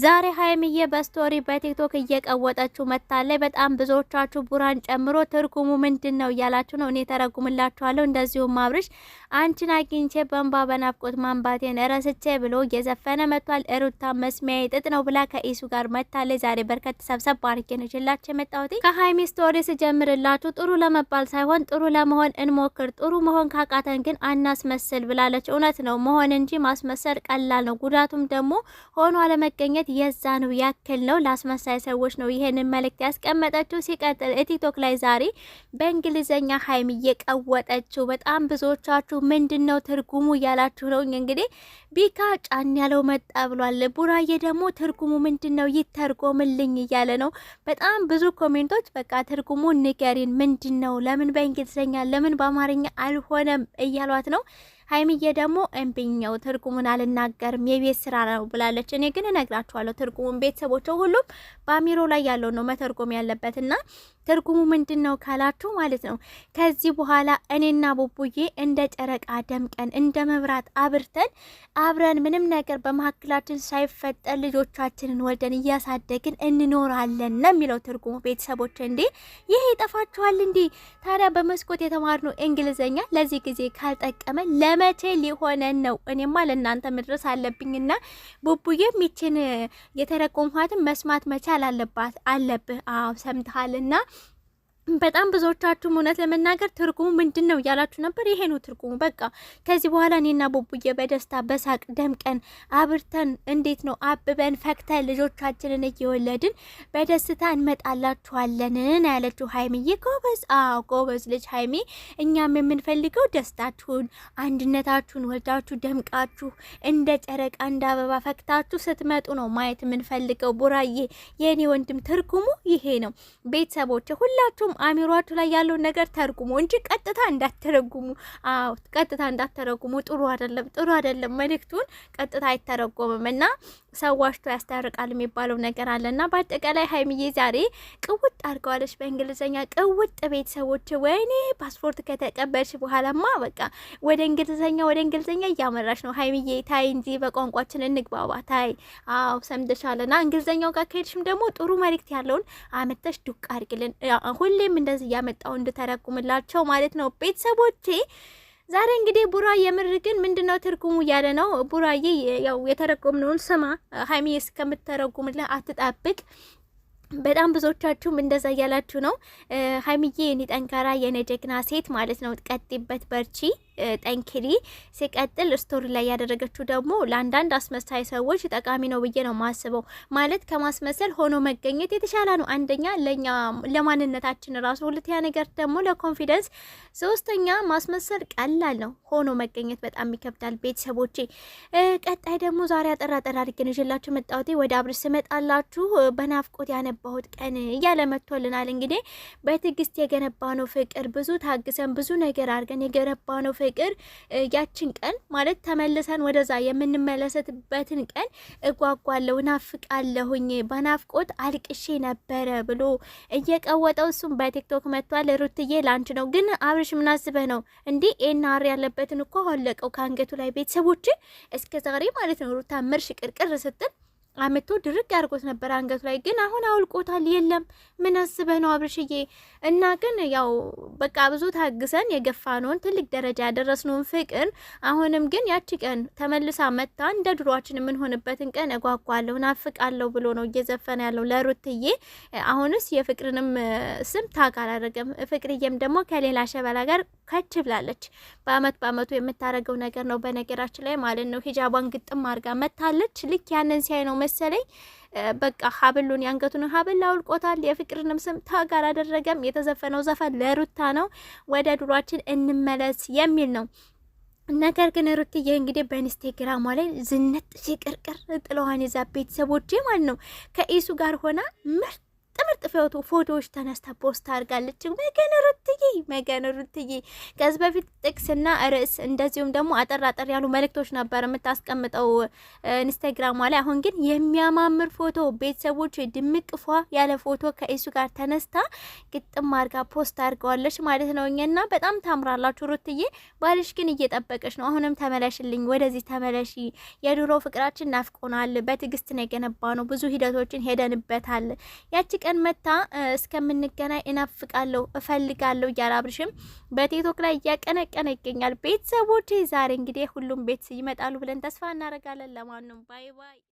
ዛሬ ሀይምዬ በስቶሪ በቲክቶክ እየቀወጠችው መታለች። በጣም ብዙዎቻችሁ ቡራን ጨምሮ ትርጉሙ ምንድን ነው እያላችሁ ነው። እኔ ተረጉምላችኋለሁ። እንደዚሁም አብርሽ አንቺን አግኝቼ በእንባ በናፍቆት ማንባቴን ረስቼ ብሎ እየዘፈነ መጥቷል። እሩታ መስሚያ ጥጥ ነው ብላ ከኢሱ ጋር መታለች። ዛሬ በርከት ሰብሰብ ባርጌ ነው የመጣሁት። ከሀይሚ ስቶሪ ስጀምርላችሁ ጥሩ ለመባል ሳይሆን ጥሩ ለመሆን እንሞክር፣ ጥሩ መሆን ካቃተን ግን አናስመስል ብላለች። እውነት ነው መሆን እንጂ ማስመሰል ቀላል ነው። ጉዳቱም ደግሞ ሆኖ አለመገኘ ለማግኘት የዛ ነው ያክል ነው። ለአስመሳይ ሰዎች ነው ይሄንን መልእክት ያስቀመጠችው። ሲቀጥል ቲክቶክ ላይ ዛሬ በእንግሊዘኛ ሀይም እየቀወጠችው በጣም ብዙዎቻችሁ ምንድን ነው ትርጉሙ እያላችሁ ነው። እንግዲህ ቢካ ጫን ያለው መጣ ብሏል። ቡራዬ ደግሞ ትርጉሙ ምንድን ነው ይተርጎምልኝ እያለ ነው። በጣም ብዙ ኮሜንቶች በቃ ትርጉሙ ንገሪን ምንድን ነው? ለምን በእንግሊዝኛ ለምን በአማርኛ አልሆነም እያሏት ነው። ሀይሚዬ ደግሞ እምብኛው ትርጉሙን አልናገርም የቤት ስራ ነው ብላለች። እኔ ግን እነግራችኋለሁ ትርጉሙን ቤተሰቦቸው ሁሉም በአሚሮ ላይ ያለው ነው መተርጎም ያለበትና ትርጉሙ ምንድን ነው ካላችሁ ማለት ነው ከዚህ በኋላ እኔና ቡቡዬ እንደ ጨረቃ ደምቀን እንደ መብራት አብርተን አብረን ምንም ነገር በመካከላችን ሳይፈጠር ልጆቻችንን ወልደን እያሳደግን እንኖራለን ነው የሚለው ትርጉሙ። ቤተሰቦች እንዴ ይሄ ይጠፋችኋል እንዴ? ታዲያ በመስኮት የተማርነው እንግሊዘኛ ለዚህ ጊዜ ካልጠቀመ ለመቼ ሊሆነን ነው? እኔማ ለእናንተ መድረስ አለብኝና ቡቡዬ ሚችን የተረቆምኋትን መስማት መቻል አለባት አለብህ። አዎ ሰምተሃልና በጣም ብዙዎቻችሁም እውነት ለመናገር ትርጉሙ ምንድን ነው እያላችሁ ነበር። ይሄ ነው ትርጉሙ። በቃ ከዚህ በኋላ እኔና ቡቡዬ በደስታ በሳቅ ደምቀን አብርተን እንዴት ነው አብበን ፈክተን ልጆቻችንን እየወለድን በደስታ እንመጣላችኋለን ነው ያለችው ሀይሚዬ። ጎበዝ፣ አዎ ጎበዝ ልጅ ሀይሜ። እኛም የምንፈልገው ደስታችሁን፣ አንድነታችሁን ወልዳችሁ ደምቃችሁ እንደ ጨረቃ እንደ አበባ ፈክታችሁ ስትመጡ ነው ማየት የምንፈልገው። ቡራዬ የእኔ ወንድም ትርጉሙ ይሄ ነው። ቤተሰቦች ሁላችሁም አሚሯቱ ላይ ያለውን ነገር ተርጉሙ እንጂ ቀጥታ እንዳትረጉሙ። አዎ ቀጥታ እንዳትረጉሙ። ጥሩ አይደለም፣ ጥሩ አይደለም። መልእክቱን ቀጥታ አይተረጎምም እና ሰዋሽቶ ያስታርቃል የሚባለው ነገር አለ እና በአጠቃላይ ሀይሚዬ ዛሬ ቅውጥ አድርገዋለች በእንግሊዝኛ ቅውጥ። ቤተሰቦች ወይኔ ፓስፖርት ከተቀበልሽ በኋላማ በቃ ወደ እንግሊዝኛ ወደ እንግሊዝኛ እያመራች ነው ሀይሚዬ። ታይ እንጂ በቋንቋችን እንግባባ ታይ። አዎ ሰምተሻል። እና እንግሊዝኛው ጋር ከሄድሽም ደግሞ ጥሩ መልእክት ያለውን አመተሽ ዱቅ አድርግልን ሁሌ ሁሌም እንደዚህ እያመጣው እንድተረጉምላቸው ማለት ነው ቤተሰቦቼ። ዛሬ እንግዲህ ቡራ የምር ግን ምንድነው ትርጉሙ እያለ ነው። ቡራዬ ያው የተረጎምነውን ስማ፣ ሀይሚ እስከምተረጉምልህ አትጣብቅ። በጣም ብዙዎቻችሁም እንደዛ እያላችሁ ነው። ሀይሚዬ የኔ ጠንካራ የኔ ጀግና ሴት ማለት ነው። ቀጥይበት፣ በርቺ ጠንክሪ። ሲቀጥል ስቶሪ ላይ ያደረገችው ደግሞ ለአንዳንድ አስመሳይ ሰዎች ጠቃሚ ነው ብዬ ነው ማስበው። ማለት ከማስመሰል ሆኖ መገኘት የተሻለ ነው። አንደኛ ለእኛ ለማንነታችን ራሱ፣ ሁለተኛ ነገር ደግሞ ለኮንፊደንስ፣ ሶስተኛ ማስመሰል ቀላል ነው፣ ሆኖ መገኘት በጣም ይከብዳል። ቤተሰቦቼ ቀጣይ ደግሞ ዛሬ አጠራ ጠራ አድርገን ይዤላችሁ መጣሁት። ወደ አብርሽ ስመጣላችሁ በናፍቆት ያነባሁት ቀን እያለ መጥቶልናል። እንግዲህ በትዕግስት የገነባ ነው ፍቅር ብዙ ታግሰን ብዙ ነገር አድርገን የገነባ ነው ፍቅር ፍቅር ያችን ቀን ማለት ተመልሰን ወደዛ የምንመለሰትበትን ቀን እጓጓለሁ፣ ናፍቃለሁኝ፣ በናፍቆት አልቅሼ ነበረ ብሎ እየቀወጠው እሱም በቲክቶክ መጥቷል። ሩትዬ ላንች ነው ግን አብርሽ ምናስበህ ነው እንዲህ ኤናር ያለበትን እኮ አወለቀው ከአንገቱ ላይ ቤተሰቦች እስከ ዛሬ ማለት ነው ሩታ ምርሽ ቅርቅር ስትል አመቶ ድርቅ ያርጎት ነበር አንገቱ ላይ ግን አሁን አውልቆታል። የለም ምን አስበህ ነው አብርሽዬ? እና ግን ያው በቃ ብዙ ታግሰን የገፋነውን ትልቅ ደረጃ ያደረስነውን ፍቅር አሁንም ግን ያቺ ቀን ተመልሳ መታ እንደ ድሯችን የምንሆንበትን ቀን እጓጓለሁ፣ ናፍቃለሁ ብሎ ነው እየዘፈነ ያለው ለሩትዬ። አሁንስ የፍቅርንም ስም ታውቅ አላደረገም። ፍቅርዬም ደግሞ ከሌላ ሸበላ ጋር ከች ብላለች። በአመት በአመቱ የምታደርገው ነገር ነው በነገራችን ላይ ማለት ነው። ሂጃቧን ግጥም አድርጋ መታለች። ልክ ያንን ሲያይ ነው መሰለኝ በቃ ሀብሉን ያንገቱን ሀብል አውልቆታል። የፍቅርንም ስም ታጋር አደረገም። የተዘፈነው ዘፈን ለሩታ ነው ወደ ድሯችን እንመለስ የሚል ነው። ነገር ግን ሩትዬ እንግዲህ በኢንስቴግራሟ ላይ ዝነት ሲቅርቅር ጥለዋን ይዛ ቤተሰቦቼ ማለት ነው ከኢሱ ጋር ሆና ምርጥ ምርጥ ፎቶ ፎቶዎች ተነስታ ፖስት አድርጋለች። መገን ሩትዬ መገን ሩትዬ ከዚህ በፊት ጥቅስና ርዕስ እንደዚሁም ደግሞ አጠር አጠር ያሉ መልእክቶች ነበር የምታስቀምጠው ኢንስታግራሟ ላይ። አሁን ግን የሚያማምር ፎቶ ቤተሰቦች ድምቅ ፏ ያለ ፎቶ ከእሱ ጋር ተነስታ ግጥም አድርጋ ፖስት አድርገዋለች ማለት ነው። እኛና በጣም ታምራላችሁ ሩትዬ። ባልሽ ግን እየጠበቀች ነው። አሁንም ተመለሽልኝ፣ ወደዚህ ተመለሺ። የድሮ ፍቅራችን ናፍቆናል። በትዕግስት ነው የገነባ ነው። ብዙ ሂደቶችን ሄደንበታል። ያቺ ቀን መታ እስከምንገናኝ እናፍቃለሁ፣ እፈልጋለሁ እያለ አብርሽም በቲክቶክ ላይ እያቀነቀነ ይገኛል። ቤተሰቦች ዛሬ እንግዲህ ሁሉም ቤት ይመጣሉ ብለን ተስፋ እናደርጋለን። ለማንም ባይ ባይ።